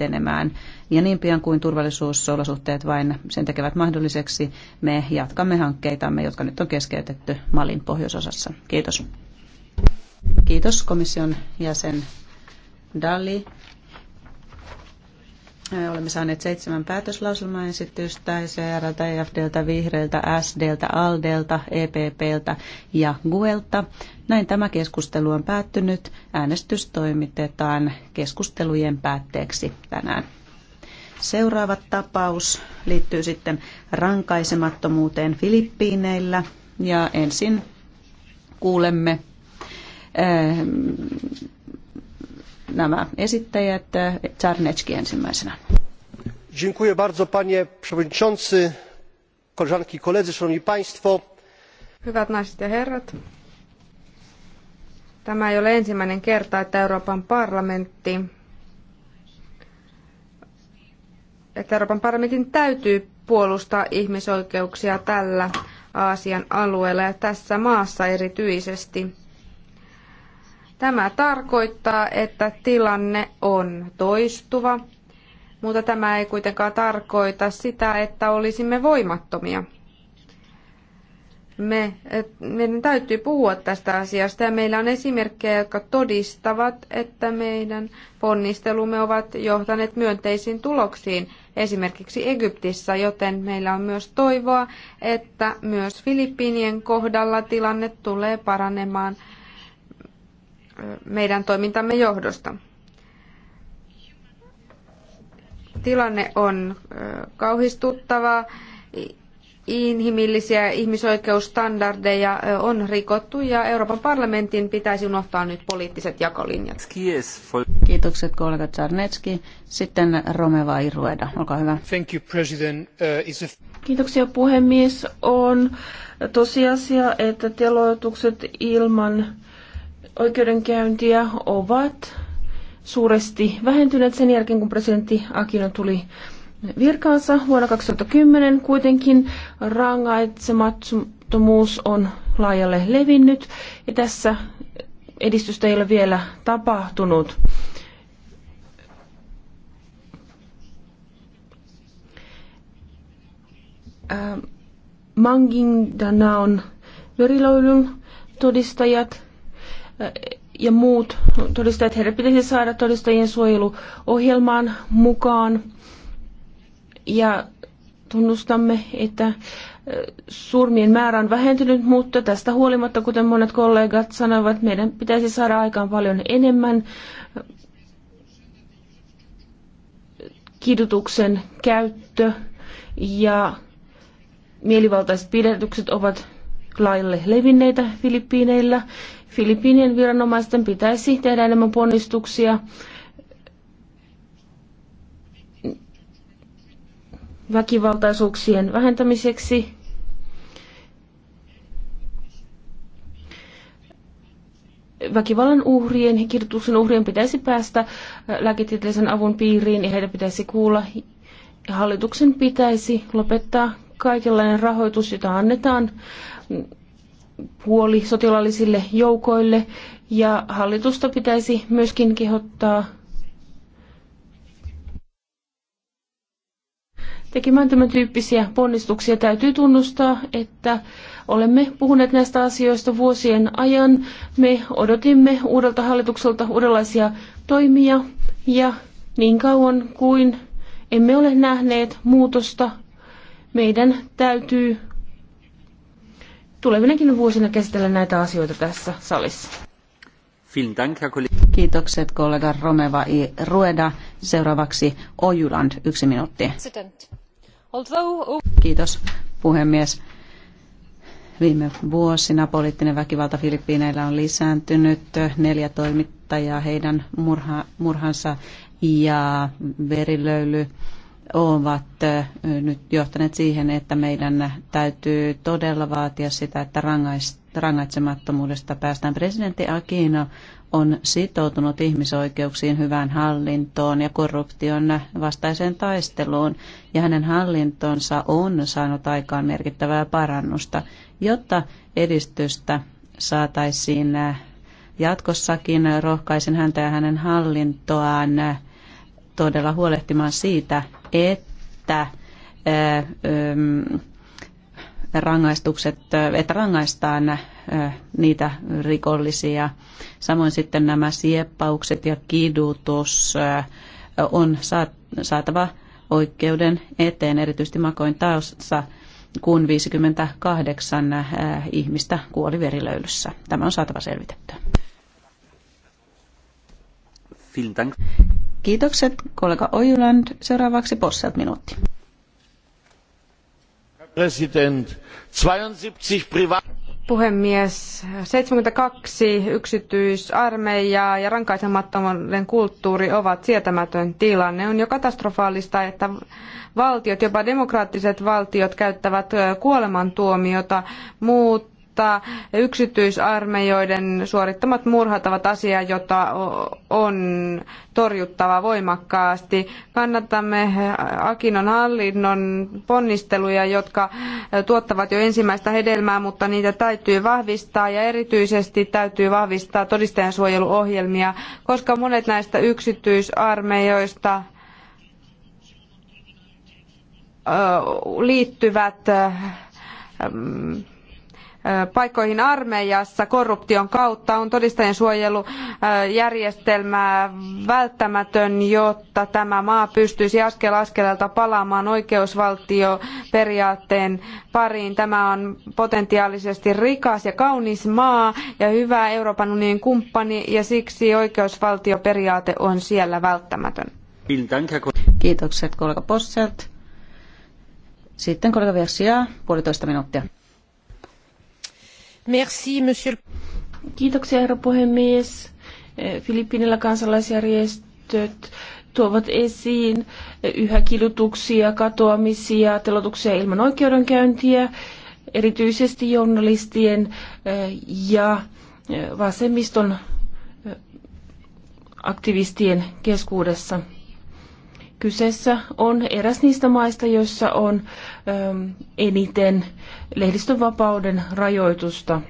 etenemään. Ja niin pian kuin turvallisuusolosuhteet vain sen tekevät mahdolliseksi, me jatkamme hankkeitamme, jotka nyt on keskeytetty Malin pohjoisosassa. Kiitos. Kiitos komission jäsen Dali. Olemme saaneet seitsemän päätöslauselmaesitystä ECRltä, EFDltä, Vihreiltä, SDltä, ALDelta, EPPltä e ja GUELta. Näin tämä keskustelu on päättynyt. Äänestys toimitetaan keskustelujen päätteeksi tänään. Seuraava tapaus liittyy sitten rankaisemattomuuteen Filippiineillä. Ja ensin kuulemme nämä esittäjät. Czarnecki ensimmäisenä. Dziękuję bardzo panie przewodniczący, koleżanki i koledzy, szanowni państwo. Hyvät naiset ja herrat. Tämä ei ole ensimmäinen kerta, että Euroopan parlamentti että Euroopan parlamentin täytyy puolustaa ihmisoikeuksia tällä Aasian alueella ja tässä maassa erityisesti. Tämä tarkoittaa, että tilanne on toistuva, mutta tämä ei kuitenkaan tarkoita sitä, että olisimme voimattomia. Me, meidän täytyy puhua tästä asiasta ja meillä on esimerkkejä, jotka todistavat, että meidän ponnistelumme ovat johtaneet myönteisiin tuloksiin esimerkiksi Egyptissä, joten meillä on myös toivoa, että myös Filippiinien kohdalla tilanne tulee paranemaan meidän toimintamme johdosta. Tilanne on kauhistuttava. Inhimillisiä ihmisoikeusstandardeja on rikottu ja Euroopan parlamentin pitäisi unohtaa nyt poliittiset jakolinjat. Kiitokset kollega Czarnecki. Sitten Romeva Irueda, olkaa hyvä. Thank you, President. Uh, Kiitoksia puhemies. On tosiasia, että teloitukset ilman oikeudenkäyntiä ovat suuresti vähentyneet sen jälkeen, kun presidentti Akino tuli virkaansa vuonna 2010. Kuitenkin rangaitsemattomuus on laajalle levinnyt ja tässä edistystä ei ole vielä tapahtunut. Äh, Danaon veriloilun todistajat ja muut todistajat, heidät pitäisi saada todistajien suojeluohjelmaan mukaan. Ja tunnustamme, että äh, surmien määrä on vähentynyt, mutta tästä huolimatta, kuten monet kollegat sanoivat, meidän pitäisi saada aikaan paljon enemmän äh, kidutuksen käyttö ja mielivaltaiset pidätykset ovat laille levinneitä Filippiineillä. Filippiinien viranomaisten pitäisi tehdä enemmän ponnistuksia väkivaltaisuuksien vähentämiseksi. Väkivallan uhrien, kirjoituksen uhrien pitäisi päästä lääketieteellisen avun piiriin ja heitä pitäisi kuulla. Hallituksen pitäisi lopettaa kaikenlainen rahoitus, jota annetaan puoli sotilaallisille joukoille, ja hallitusta pitäisi myöskin kehottaa tekemään tämän tyyppisiä ponnistuksia. Täytyy tunnustaa, että olemme puhuneet näistä asioista vuosien ajan. Me odotimme uudelta hallitukselta uudenlaisia toimia ja niin kauan kuin emme ole nähneet muutosta meidän täytyy tulevinakin vuosina käsitellä näitä asioita tässä salissa. Kiitokset kollega Romeva I. Rueda. Seuraavaksi Ojuland, yksi minuutti. Kiitos puhemies. Viime vuosina poliittinen väkivalta Filippiineillä on lisääntynyt. Neljä toimittajaa, heidän murha, murhansa ja verilöyly ovat nyt johtaneet siihen, että meidän täytyy todella vaatia sitä, että rangaitsemattomuudesta päästään. Presidentti Aquino on sitoutunut ihmisoikeuksiin, hyvään hallintoon ja korruption vastaiseen taisteluun, ja hänen hallintonsa on saanut aikaan merkittävää parannusta, jotta edistystä saataisiin jatkossakin. Rohkaisin häntä ja hänen hallintoaan todella huolehtimaan siitä, että rangaistukset, että rangaistaan niitä rikollisia. Samoin sitten nämä sieppaukset ja kidutus on saatava oikeuden eteen, erityisesti makoin taossa, kun 58 ihmistä kuoli verilöylyssä. Tämä on saatava selvitettyä. Kiitokset, kollega Ojuland. Seuraavaksi Posselt minuutti. President, 72 privat puhemies. 72 yksityisarmeijaa ja rankaisemattomuuden kulttuuri ovat sietämätön tilanne. On jo katastrofaalista, että valtiot, jopa demokraattiset valtiot käyttävät kuolemantuomiota. Muut mutta yksityisarmeijoiden suorittamat murhat ovat asia, jota on torjuttava voimakkaasti. Kannatamme Akinon hallinnon ponnisteluja, jotka tuottavat jo ensimmäistä hedelmää, mutta niitä täytyy vahvistaa ja erityisesti täytyy vahvistaa todistajansuojeluohjelmia, koska monet näistä yksityisarmeijoista liittyvät paikkoihin armeijassa korruption kautta on todistajien suojelujärjestelmää välttämätön, jotta tämä maa pystyisi askel askeleelta palaamaan oikeusvaltioperiaatteen pariin. Tämä on potentiaalisesti rikas ja kaunis maa ja hyvä Euroopan unionin kumppani ja siksi oikeusvaltioperiaate on siellä välttämätön. Kiitokset kollega Posselt. Sitten kollega Versia, puolitoista minuuttia. Kiitoksia, herra puhemies. Filippiinillä kansalaisjärjestöt tuovat esiin yhä kidutuksia, katoamisia, telotuksia ilman oikeudenkäyntiä, erityisesti journalistien eh, ja eh, vasemmiston eh, aktivistien keskuudessa. Kyseessä on eräs niistä maista, joissa on ähm, eniten lehdistönvapauden rajoitusta.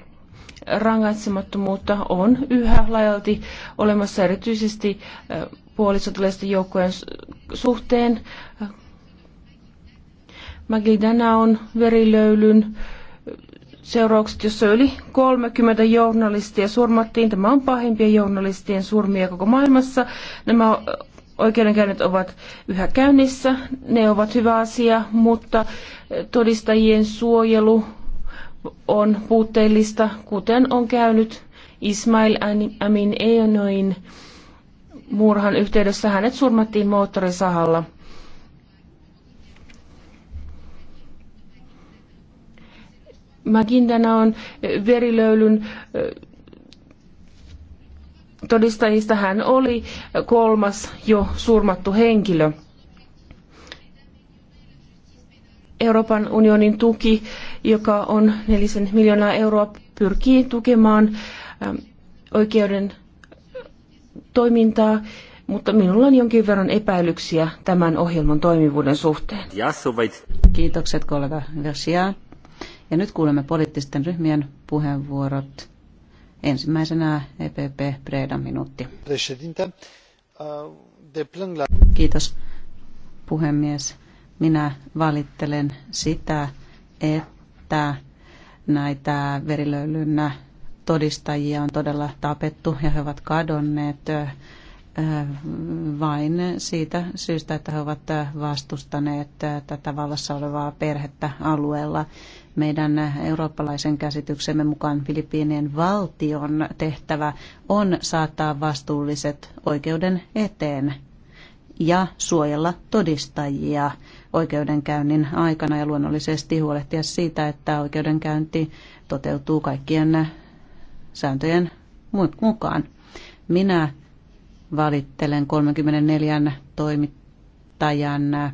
Rangaitsemattomuutta on yhä laajalti olemassa erityisesti äh, puolisotilaisten joukkojen suhteen. Magidana on verilöylyn äh, seuraukset, jossa yli 30 journalistia surmattiin. Tämä on pahimpien journalistien surmia koko maailmassa. Nämä oikeudenkäynnit ovat yhä käynnissä, ne ovat hyvä asia, mutta todistajien suojelu on puutteellista, kuten on käynyt Ismail Amin Eonoin murhan yhteydessä. Hänet surmattiin moottorisahalla. Magindana on verilöylyn todistajista hän oli kolmas jo surmattu henkilö. Euroopan unionin tuki, joka on nelisen miljoonaa euroa, pyrkii tukemaan ähm, oikeuden toimintaa, mutta minulla on jonkin verran epäilyksiä tämän ohjelman toimivuuden suhteen. Kiitokset kollega Versia. Ja nyt kuulemme poliittisten ryhmien puheenvuorot. Ensimmäisenä EPP Breda minuutti. Kiitos puhemies. Minä valittelen sitä, että näitä verilöylynnä todistajia on todella tapettu ja he ovat kadonneet Äh, vain siitä syystä, että he ovat vastustaneet äh, tätä vallassa olevaa perhettä alueella. Meidän eurooppalaisen käsityksemme mukaan Filippiinien valtion tehtävä on saattaa vastuulliset oikeuden eteen ja suojella todistajia oikeudenkäynnin aikana ja luonnollisesti huolehtia siitä, että oikeudenkäynti toteutuu kaikkien sääntöjen mukaan. Minä valittelen 34 toimittajan äh,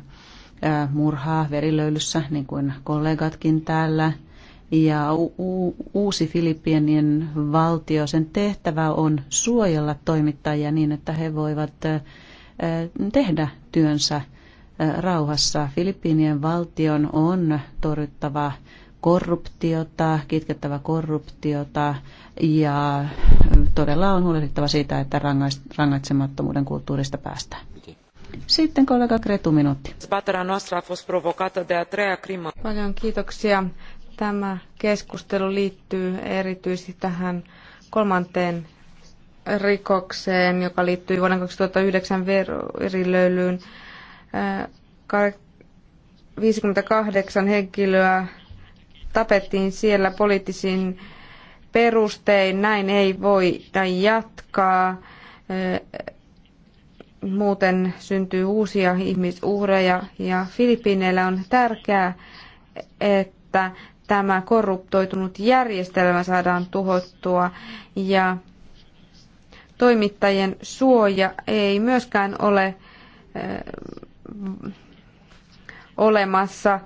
murhaa verilöylyssä, niin kuin kollegatkin täällä. Ja uusi Filippienien valtio, sen tehtävä on suojella toimittajia niin, että he voivat äh, tehdä työnsä äh, rauhassa. Filippiinien valtion on torjuttava korruptiota, kitkettävä korruptiota ja todella on huolehdittava siitä, että rangaitsemattomuuden kulttuurista päästään. Sitten kollega Kretu minuutti. Paljon kiitoksia. Tämä keskustelu liittyy erityisesti tähän kolmanteen rikokseen, joka liittyy vuoden 2009 verilöylyyn. 58 äh, henkilöä tapettiin siellä poliittisin perustein. Näin ei voi jatkaa. Muuten syntyy uusia ihmisuhreja ja Filippiineillä on tärkeää, että tämä korruptoitunut järjestelmä saadaan tuhottua ja toimittajien suoja ei myöskään ole olemassa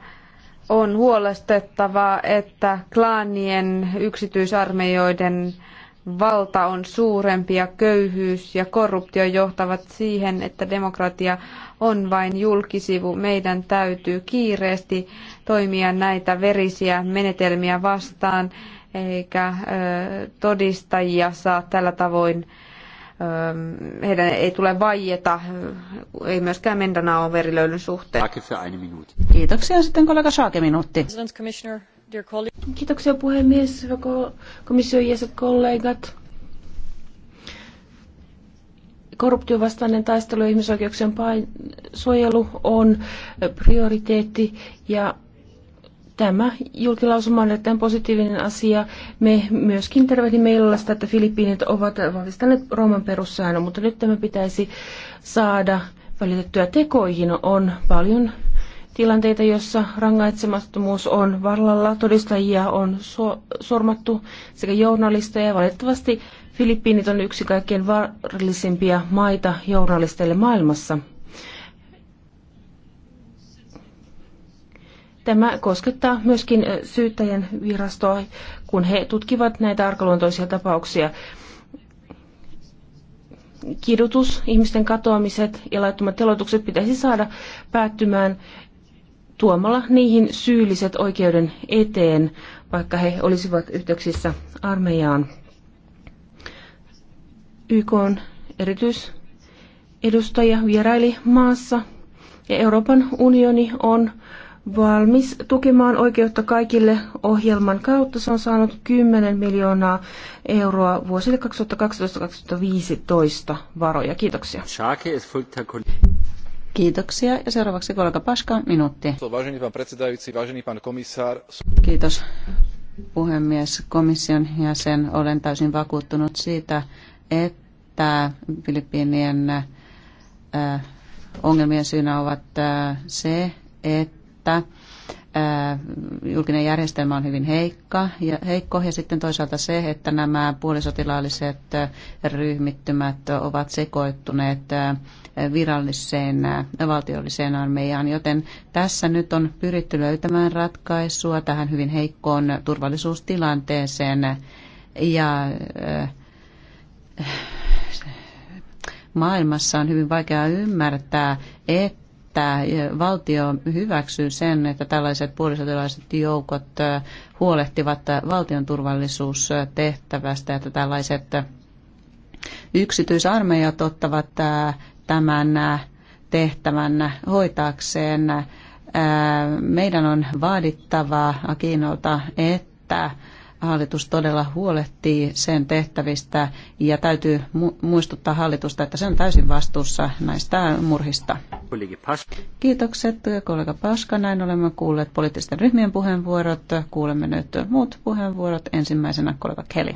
on huolestettavaa, että klaanien yksityisarmeijoiden valta on suurempi ja köyhyys ja korruptio johtavat siihen, että demokratia on vain julkisivu. Meidän täytyy kiireesti toimia näitä verisiä menetelmiä vastaan, eikä todistajia saa tällä tavoin Ähm, heidän ei tule vaieta, ei myöskään Mendanaon verilöylyn suhteen. Kiitoksia. Sitten kollega Saake minuutti. Kiitoksia puhemies, komission jäsenet, kollegat. Korruptiovastainen taistelu ja ihmisoikeuksien suojelu on prioriteetti ja Tämä julkilausuma on erittäin positiivinen asia. Me myöskin tervehdimme illalla sitä, että Filippiinit ovat vahvistaneet Rooman perussäännön, mutta nyt tämä pitäisi saada välitettyä tekoihin. On paljon tilanteita, jossa rangaitsemattomuus on vallalla, todistajia on so- sormattu sekä journalisteja. Valitettavasti Filippiinit on yksi kaikkein vaarallisimpia maita journalisteille maailmassa. Tämä koskettaa myöskin syyttäjän virastoa, kun he tutkivat näitä arkaluontoisia tapauksia. Kidutus, ihmisten katoamiset ja laittomat teloitukset pitäisi saada päättymään tuomalla niihin syylliset oikeuden eteen, vaikka he olisivat yhteyksissä armeijaan. YK on erityisedustaja vieraili maassa ja Euroopan unioni on valmis tukemaan oikeutta kaikille ohjelman kautta. Se on saanut 10 miljoonaa euroa vuosille 2012-2015 varoja. Kiitoksia. Kiitoksia. Ja seuraavaksi kollega Paska, minuutti. Kiitos puhemies, komission jäsen. Olen täysin vakuuttunut siitä, että Filippiinien äh, ongelmien syynä ovat äh, se, että että julkinen järjestelmä on hyvin heikka, ja, heikko ja sitten toisaalta se, että nämä puolisotilaalliset ryhmittymät ovat sekoittuneet viralliseen valtiolliseen armeijaan, joten tässä nyt on pyritty löytämään ratkaisua tähän hyvin heikkoon turvallisuustilanteeseen ja maailmassa on hyvin vaikea ymmärtää, että että valtio hyväksyy sen, että tällaiset puolisotilaiset joukot huolehtivat valtion turvallisuustehtävästä, että tällaiset yksityisarmeijat ottavat tämän tehtävän hoitaakseen. Meidän on vaadittava Akinolta, että hallitus todella huolehtii sen tehtävistä ja täytyy muistuttaa hallitusta, että se on täysin vastuussa näistä murhista. Kiitokset kollega Paska. Näin olemme kuulleet poliittisten ryhmien puheenvuorot. Kuulemme nyt muut puheenvuorot. Ensimmäisenä kollega Kelly.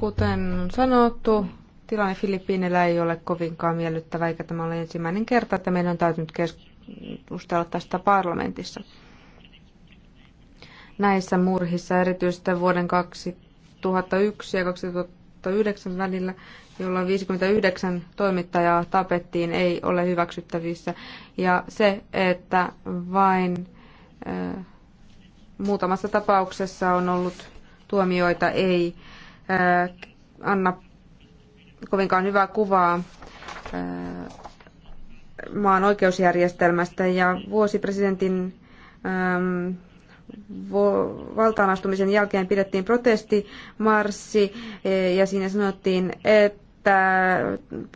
Kuten on sanottu, tilanne Filippiineillä ei ole kovinkaan miellyttävä, eikä tämä ole ensimmäinen kerta, että meidän on täytynyt keskustella keskustella tästä parlamentissa. Näissä murhissa, erityisesti vuoden 2001 ja 2009 välillä, jolloin 59 toimittajaa tapettiin, ei ole hyväksyttävissä. Ja se, että vain äh, muutamassa tapauksessa on ollut tuomioita, ei äh, anna kovinkaan hyvää kuvaa äh, maan oikeusjärjestelmästä ja vuosipresidentin äm, vo, valtaanastumisen jälkeen pidettiin protestimarssi e, ja siinä sanottiin, että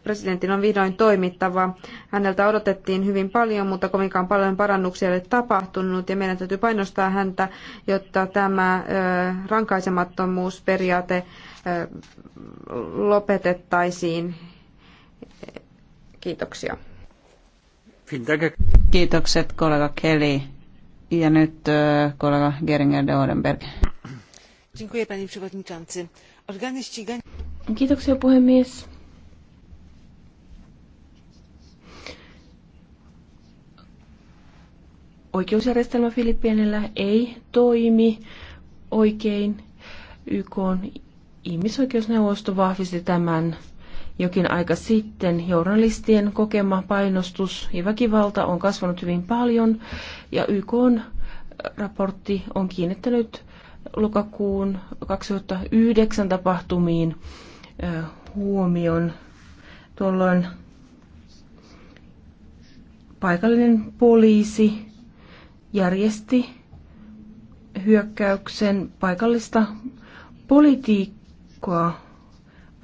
presidentin on vihdoin toimittava. Häneltä odotettiin hyvin paljon, mutta kovinkaan paljon parannuksia ei ole tapahtunut ja meidän täytyy painostaa häntä, jotta tämä e, rankaisemattomuusperiaate e, lopetettaisiin. Kiitoksia. Kiitokset kollega Kelly. Ja nyt kollega Geringer de Odenberg. Dziękuję panie przewodniczący. Organy ścigania... Kiitoksia puhemies. Oikeusjärjestelmä Filippiinillä ei toimi oikein. YK ihmisoikeusneuvosto vahvisti tämän jokin aika sitten journalistien kokema painostus ja väkivalta on kasvanut hyvin paljon ja YK on äh, raportti on kiinnittänyt lokakuun 2009 tapahtumiin äh, huomion. Tuolloin paikallinen poliisi järjesti hyökkäyksen paikallista politiikkaa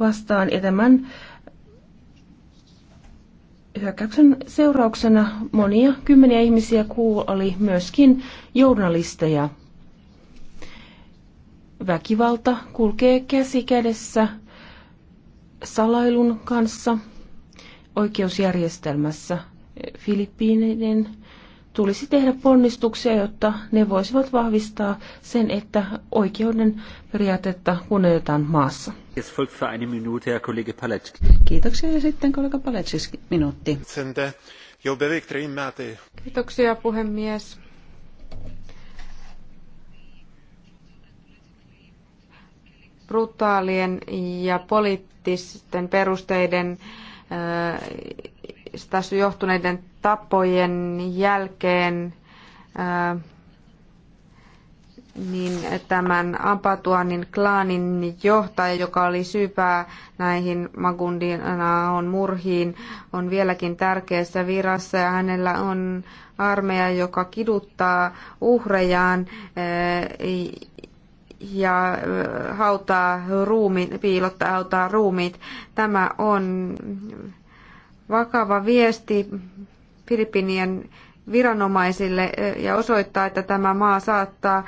vastaan ja tämän hyökkäyksen seurauksena monia kymmeniä ihmisiä kuoli myöskin journalisteja. Väkivalta kulkee käsi kädessä salailun kanssa oikeusjärjestelmässä. Filippiinien tulisi tehdä ponnistuksia, jotta ne voisivat vahvistaa sen, että oikeuden periaatetta kunnioitetaan maassa. Kiitoksia ja sitten kollega Paletsis minuutti. Kiitoksia puhemies. brutaalien ja poliittisten perusteiden tässä äh, johtuneiden tapojen jälkeen äh, niin tämän ampatuanin klaanin johtaja, joka oli syypää näihin Magundinaon murhiin, on vieläkin tärkeässä virassa ja hänellä on armeija, joka kiduttaa uhrejaan eh, ja eh, hautaa ruumiin piilottaa hautaa ruumiit. Tämä on vakava viesti Filippinien viranomaisille eh, ja osoittaa, että tämä maa saattaa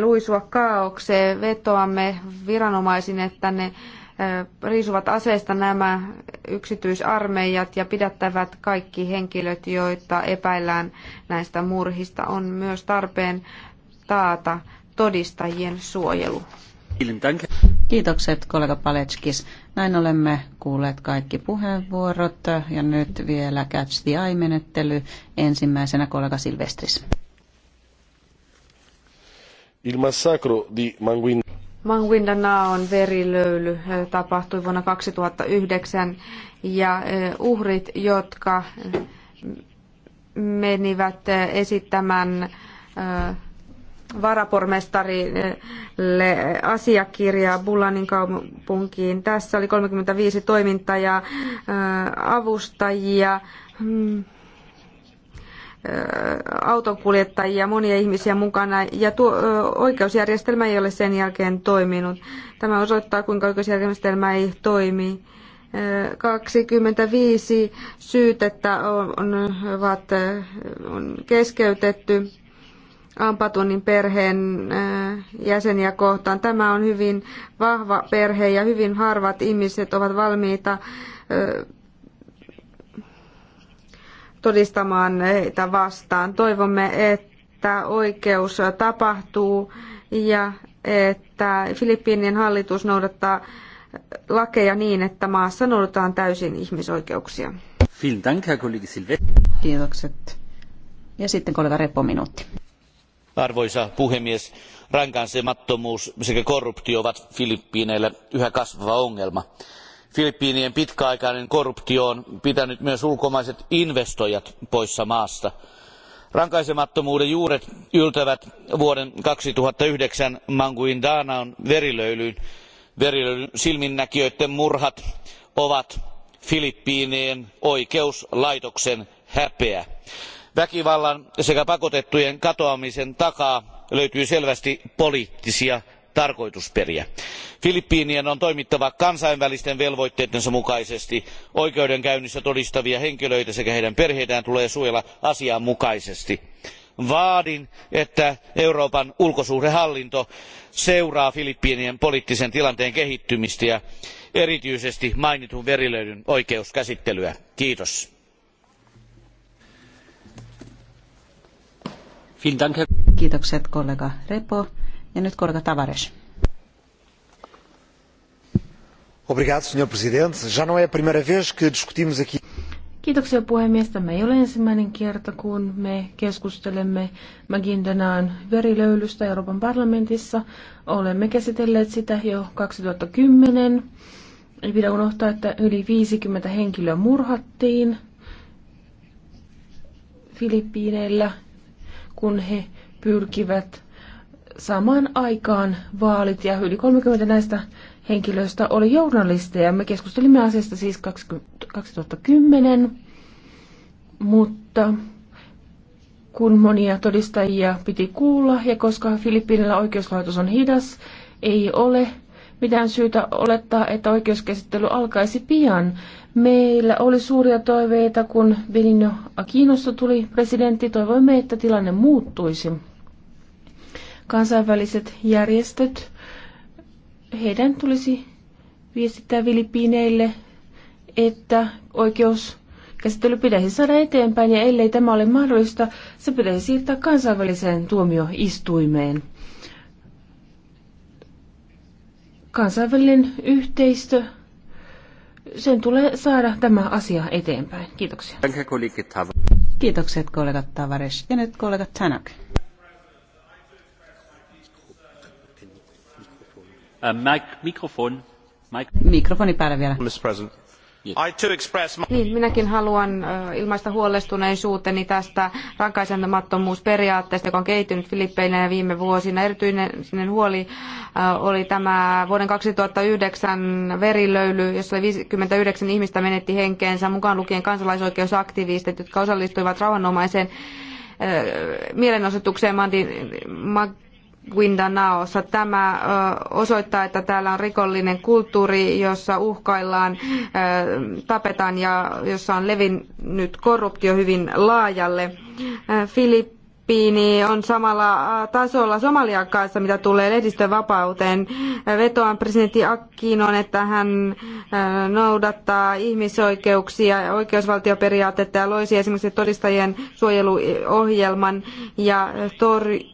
luisua kaaukseen. Vetoamme viranomaisin, että ne riisuvat aseista nämä yksityisarmeijat ja pidättävät kaikki henkilöt, joita epäillään näistä murhista. On myös tarpeen taata todistajien suojelu. Kiitokset kollega Paletskis. Näin olemme kuulleet kaikki puheenvuorot ja nyt vielä Catch the Eye-menettely. Ensimmäisenä kollega Silvestris. Il massacro di Manguin... Manguindanaon verilöyly tapahtui vuonna 2009 ja uhrit, jotka menivät esittämään varapormestarille asiakirjaa Bulanin kaupunkiin. Tässä oli 35 toimintajaa, avustajia, mm autonkuljettajia, monia ihmisiä mukana, ja tuo oikeusjärjestelmä ei ole sen jälkeen toiminut. Tämä osoittaa, kuinka oikeusjärjestelmä ei toimi. 25 syytettä on, ovat, on keskeytetty Ampatunin perheen jäseniä kohtaan. Tämä on hyvin vahva perhe ja hyvin harvat ihmiset ovat valmiita todistamaan heitä vastaan. Toivomme, että oikeus tapahtuu ja että Filippiinien hallitus noudattaa lakeja niin, että maassa noudatetaan täysin ihmisoikeuksia. Kiitokset. Ja sitten kollega Repo minuutti. Arvoisa puhemies, rankaisemattomuus sekä korruptio ovat Filippiineillä yhä kasvava ongelma filippiinien pitkäaikainen korruptio on pitänyt myös ulkomaiset investoijat poissa maasta. rankaisemattomuuden juuret yltävät vuoden kaksituhatta yhdeksän maguindanaon verilöylyyn. verilöylyn silminnäkijöiden murhat ovat filippiinien oikeuslaitoksen häpeä. väkivallan sekä pakotettujen katoamisen takaa löytyy selvästi poliittisia tarkoitusperiä. filippiinien on toimittava kansainvälisten velvoitteidensa mukaisesti oikeudenkäynnissä todistavia henkilöitä sekä heidän perheitään tulee suojella asianmukaisesti. vaadin että euroopan ulkosuhdehallinto seuraa filippiinien poliittisen tilanteen kehittymistä ja erityisesti mainitun verilöylyn oikeuskäsittelyä. kiitos. Kiitokset kollega Repo. Ja nyt kollega Tavares. Obrigado, senhor presidente. Já não é a primeira vez que discutimos aqui. Kiitoksia puhemies. Tämä ei ole ensimmäinen kerta, kun me keskustelemme Magindanaan verilöylystä Euroopan parlamentissa. Olemme käsitelleet sitä jo 2010. Ei pidä unohtaa, että yli 50 henkilöä murhattiin Filippiineillä, kun he pyrkivät samaan aikaan vaalit ja yli 30 näistä henkilöistä oli journalisteja. Me keskustelimme asiasta siis 2010, mutta kun monia todistajia piti kuulla ja koska Filippiinillä oikeuslaitos on hidas, ei ole mitään syytä olettaa, että oikeuskäsittely alkaisi pian. Meillä oli suuria toiveita, kun Benigno Aquinosta tuli presidentti. Toivoimme, että tilanne muuttuisi kansainväliset järjestöt, heidän tulisi viestittää Filippiineille, että oikeus käsittely pitäisi saada eteenpäin ja ellei tämä ole mahdollista, se pitäisi siirtää kansainväliseen tuomioistuimeen. Kansainvälinen yhteistö, sen tulee saada tämä asia eteenpäin. Kiitoksia. Kiitokset kollegat Tavares ja nyt kollegat Tanak. Uh, niin, minäkin haluan ilmaista huolestuneisuuteni tästä rankaisemattomuusperiaatteesta, joka on kehittynyt filippiineillä viime vuosina. Erityinen huoli oli tämä vuoden yhdeksän verilöyly, jossa 59 ihmistä menetti henkensä mukaan lukien kansalaisoikeusaktivistit, jotka osallistuivat rauhanomaiseen mielenosoitukseen Mantin, Guindanaossa. Tämä osoittaa, että täällä on rikollinen kulttuuri, jossa uhkaillaan, tapetaan ja jossa on levinnyt korruptio hyvin laajalle. Filip Filippiini on samalla tasolla Somalian kanssa, mitä tulee lehdistönvapauteen. Vetoan presidentti Akkinon, että hän noudattaa ihmisoikeuksia ja oikeusvaltioperiaatetta ja loisi esimerkiksi todistajien suojeluohjelman ja torjuu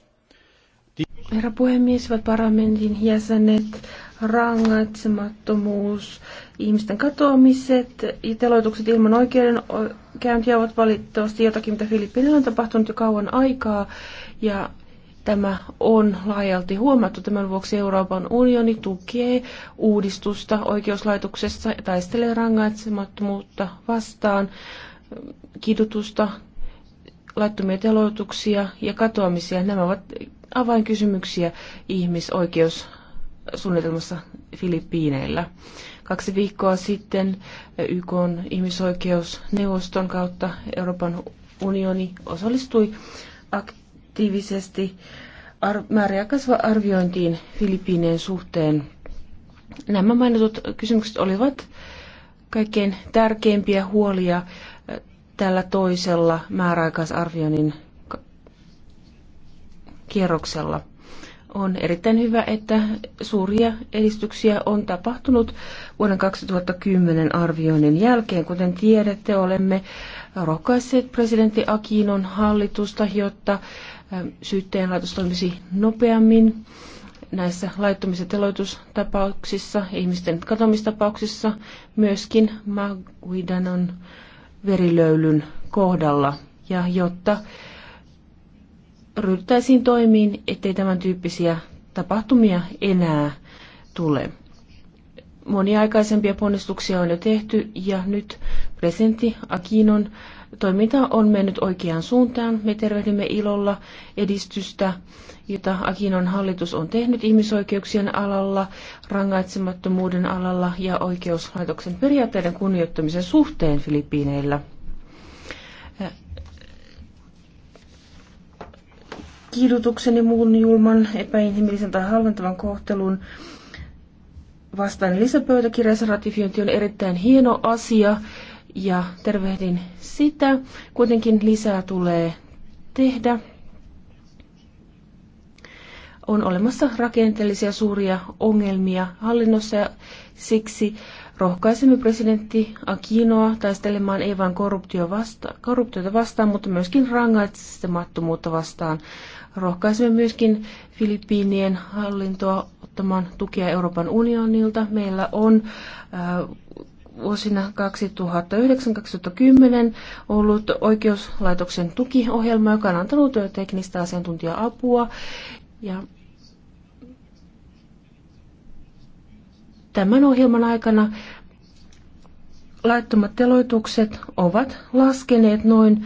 Herra puhemies, hyvät parlamentin jäsenet, rangaitsemattomuus, ihmisten katoamiset ja teloitukset ilman oikeudenkäyntiä ovat valitettavasti jotakin, mitä Filippiinillä on tapahtunut jo kauan aikaa. Ja tämä on laajalti huomattu. Tämän vuoksi Euroopan unioni tukee uudistusta oikeuslaitoksessa ja taistelee rangaitsemattomuutta vastaan, kidutusta, laittomia teloituksia ja katoamisia. Nämä ovat avainkysymyksiä ihmisoikeussuunnitelmassa Filippiineillä. Kaksi viikkoa sitten YK on ihmisoikeusneuvoston kautta Euroopan unioni osallistui aktiivisesti ar- määriä kasva arviointiin Filippiineen suhteen. Nämä mainitut kysymykset olivat kaikkein tärkeimpiä huolia tällä toisella määräaikaisarvioinnin kierroksella. On erittäin hyvä, että suuria edistyksiä on tapahtunut vuoden 2010 arvioinnin jälkeen. Kuten tiedätte, olemme rohkaisseet presidentti Akinon hallitusta, jotta syyttäjänlaitos toimisi nopeammin näissä laittomis- ja teloitustapauksissa, ihmisten katomistapauksissa, myöskin Maguidanon verilöylyn kohdalla. Ja jotta ryhdyttäisiin toimiin, ettei tämän tyyppisiä tapahtumia enää tule. Monia aikaisempia ponnistuksia on jo tehty ja nyt presidentti Akinon toiminta on mennyt oikeaan suuntaan. Me tervehdimme ilolla edistystä, jota Akinon hallitus on tehnyt ihmisoikeuksien alalla, rangaitsemattomuuden alalla ja oikeuslaitoksen periaatteiden kunnioittamisen suhteen Filippiineillä. kiidutuksen ja muun julman, epäinhimillisen tai halventavan kohtelun vastainen lisäpöytäkirjassa ratifiointi on erittäin hieno asia ja tervehdin sitä. Kuitenkin lisää tulee tehdä. On olemassa rakenteellisia suuria ongelmia hallinnossa ja siksi rohkaisemme presidentti Akinoa taistelemaan ei vain korruptio vasta, korruptiota vastaan, mutta myöskin rangaistamattomuutta vastaan rohkaisemme myöskin Filippiinien hallintoa ottamaan tukea Euroopan unionilta. Meillä on äh, vuosina 2009-2010 ollut oikeuslaitoksen tukiohjelma, joka on antanut teknistä asiantuntija-apua. Ja tämän ohjelman aikana laittomat teloitukset ovat laskeneet noin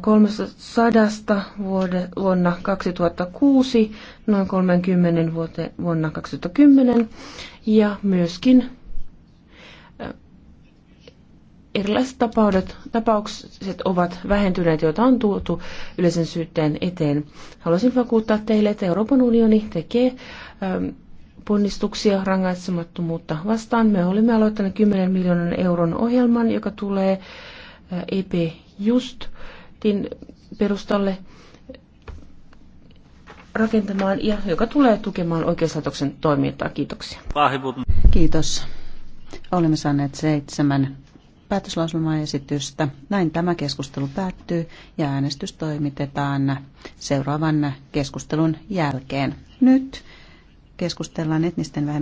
300 vuode, vuonna 2006 noin 30 vuote, vuonna 2010 ja myöskin äh, erilaiset tapaudet, tapaukset ovat vähentyneet, joita on tuotu yleisen syytteen eteen. Haluaisin vakuuttaa teille, että Euroopan unioni tekee ähm, ponnistuksia rangaitsemattomuutta vastaan. Me olemme aloittaneet 10 miljoonan euron ohjelman, joka tulee äh, EP Just lähdettiin perustalle rakentamaan ja joka tulee tukemaan oikeuslaitoksen toimintaa. Kiitoksia. Kiitos. Olemme saaneet seitsemän päätöslauselmaesitystä. Näin tämä keskustelu päättyy ja äänestys toimitetaan seuraavan keskustelun jälkeen. Nyt keskustellaan etnisten vähemmistöjen